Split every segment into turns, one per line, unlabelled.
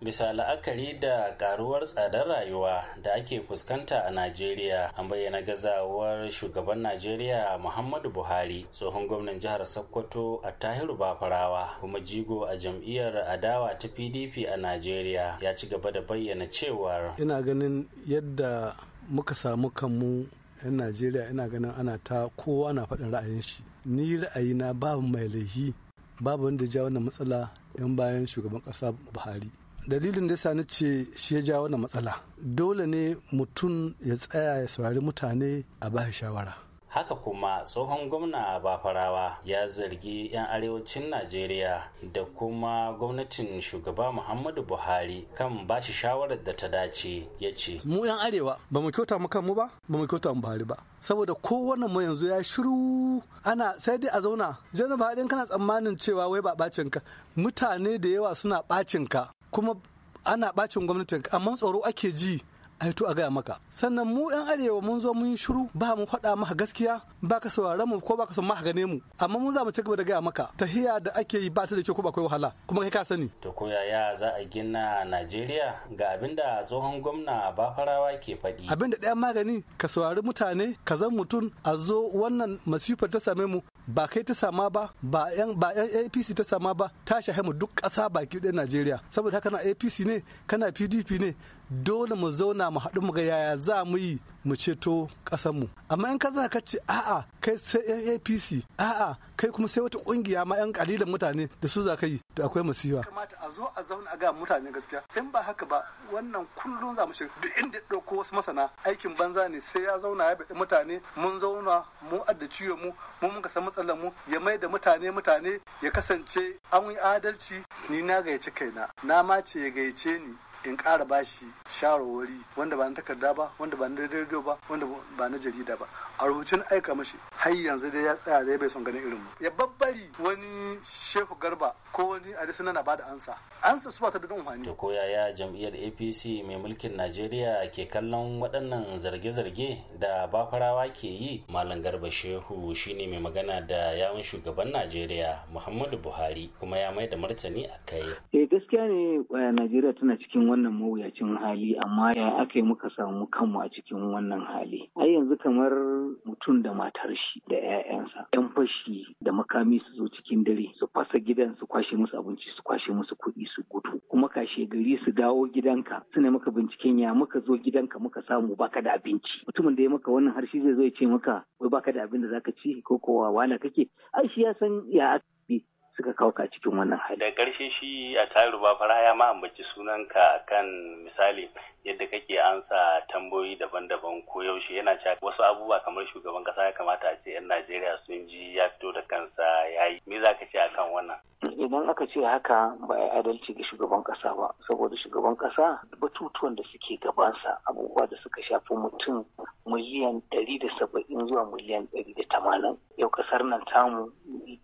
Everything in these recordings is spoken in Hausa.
bisa la'akari da karuwar tsadar rayuwa da ake fuskanta a najeriya an bayyana gazawar shugaban najeriya muhammadu buhari tsohon gwamnan jihar sokoto a tahiru bafarawa kuma jigo a jam'iyyar adawa ta pdp a najeriya ya ci gaba da bayyana cewar
ina ganin yadda muka samu kanmu 'yan najeriya ina ganin ana ta kowa na faɗin ra'ayin shi ni ra'ayina babu mai laifi babu wanda ja wannan matsala 'yan bayan shugaban ƙasa buhari dalilin da yasa ce shi ya ja wannan matsala dole ne mutum ya tsaya ya saurari mutane a ba shawara
haka kuma tsohon gwamna bafarawa ya zargi 'yan arewacin najeriya da kuma gwamnatin shugaba muhammadu buhari kan ba shi shawarar da ta dace ya ce mu 'yan arewa
ba mu kyauta mu kanmu ba ba mu kyauta mu buhari ba saboda kowane mu yanzu ya shiru ana sai dai a zauna jana buhari kana tsammanin cewa wai ba bacin mutane da yawa suna bacin ka kuma ana bacin gwamnati amma tsoro ake ji to a gaya maka sannan mu yan arewa mun zo mun shiru ba mu faɗa maka gaskiya ba ka mu ko ba ka san maka gane mu amma mun za mu ci gaba da gaya maka tahiya da ake yi ba ta da ke ko akwai wahala kuma kai ka sani to
ko yaya za a gina Najeriya ga abin da tsohon gwamna Bafarawa ke faɗi
abin da ɗayan magani ka saurari mutane ka zan mutum a zo wannan masifar ta same mu ba kai ta sama ba ba yan APC ta sama ba ta mu duk ƙasa baki ɗaya Najeriya saboda haka na APC ne kana PDP ne dole mu zauna mu haɗu mu ga yaya za mu yi mu ceto ƙasarmu amma in ka za ka ce a'a kai sai apc a'a kai kuma sai wata kungiya ma 'yan kalilan mutane da su za ka yi to akwai masifa kamata a zo a zauna a ga mutane gaskiya in ba haka ba wannan kullum za mu shiga duk inda ɗauko wasu masana aikin banza ne sai ya zauna ya baɗi mutane mun zauna mu adda ciwo mu mu muka san matsalar mu ya mai da mutane mutane ya kasance an yi adalci ni na gaice kaina na ma ce ya gayyace ni in ƙara bashi shawarwari wanda ba na takarda ba wanda ba na rediyo ba wanda ba na jarida ba a rubucin aika mashi har yanzu dai ya tsaya dai bai son ganin irin mu ya babbari wani shehu garba ko wani adisina na bada ansa ansa su ba ta da amfani to
koya ya jam'iyyar APC mai mulkin Najeriya ke kallon waɗannan zarge-zarge da bafarawa ke yi malam garba shehu shine mai magana da yawun shugaban Najeriya Muhammadu Buhari kuma ya mai da martani a kai
eh gaskiya ne eh, Najeriya tana cikin wannan mawuyacin hali amma ya aka yi muka samu kanmu a cikin wannan hali ai yanzu kamar mutum da matar shi da 'ya'yansa yan fashi da makami su zo cikin dare su fasa gidan su kwashe musu abinci su kwashe musu kuɗi su gudu kuma kashe gari su dawo gidanka suna maka binciken ya muka zo gidanka muka samu baka da abinci mutumin da ya maka wannan harshe zai zo ya ce maka wai baka da abin da zaka ci ko kowa wana kake ai shi ya san ya suka kauka cikin wannan hali.
Da ƙarshe shi a tayar ba fara ya ma ambaci sunanka kan misali yadda kake ansa tambayoyi daban-daban ko yaushe yana cewa wasu abubuwa kamar shugaban kasa ya kamata a ce 'yan Najeriya sun ji ya fito da kansa ya yi. Me za ka ce akan wannan?
Idan aka ce haka ba a adalci ga shugaban kasa ba saboda shugaban ƙasa, batutuwan da suke gabansa abubuwa da suka shafi mutum miliyan ɗari da saba'in zuwa miliyan ɗari da tamanin yau kasar nan tamu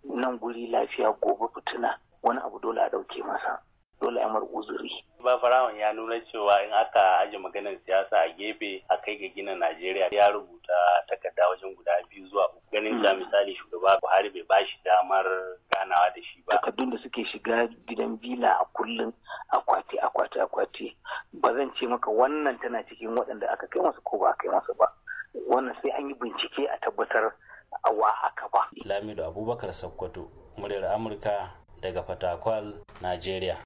nan guri lafiya gobe fituna wani abu dole a dauke masa dole a uzuri.
ba farawan ya nuna cewa in aka aje maganar siyasa a gefe a kai ga gina najeriya ya rubuta takarda wajen guda biyu zuwa uku ganin da hmm. misali shugaba buhari bai ba shi damar ganawa da shi ba
takardun da suke shiga gidan bila a kullum
akwati akwati
akwati ba zan ce maka wannan tana cikin waɗanda aka kai masu ko ba a kai masu ba wannan sai an yi bincike a tabbatar awa haka
ba. Lamido Abubakar Sokoto, muryar Amurka daga Fatakwal, Najeriya.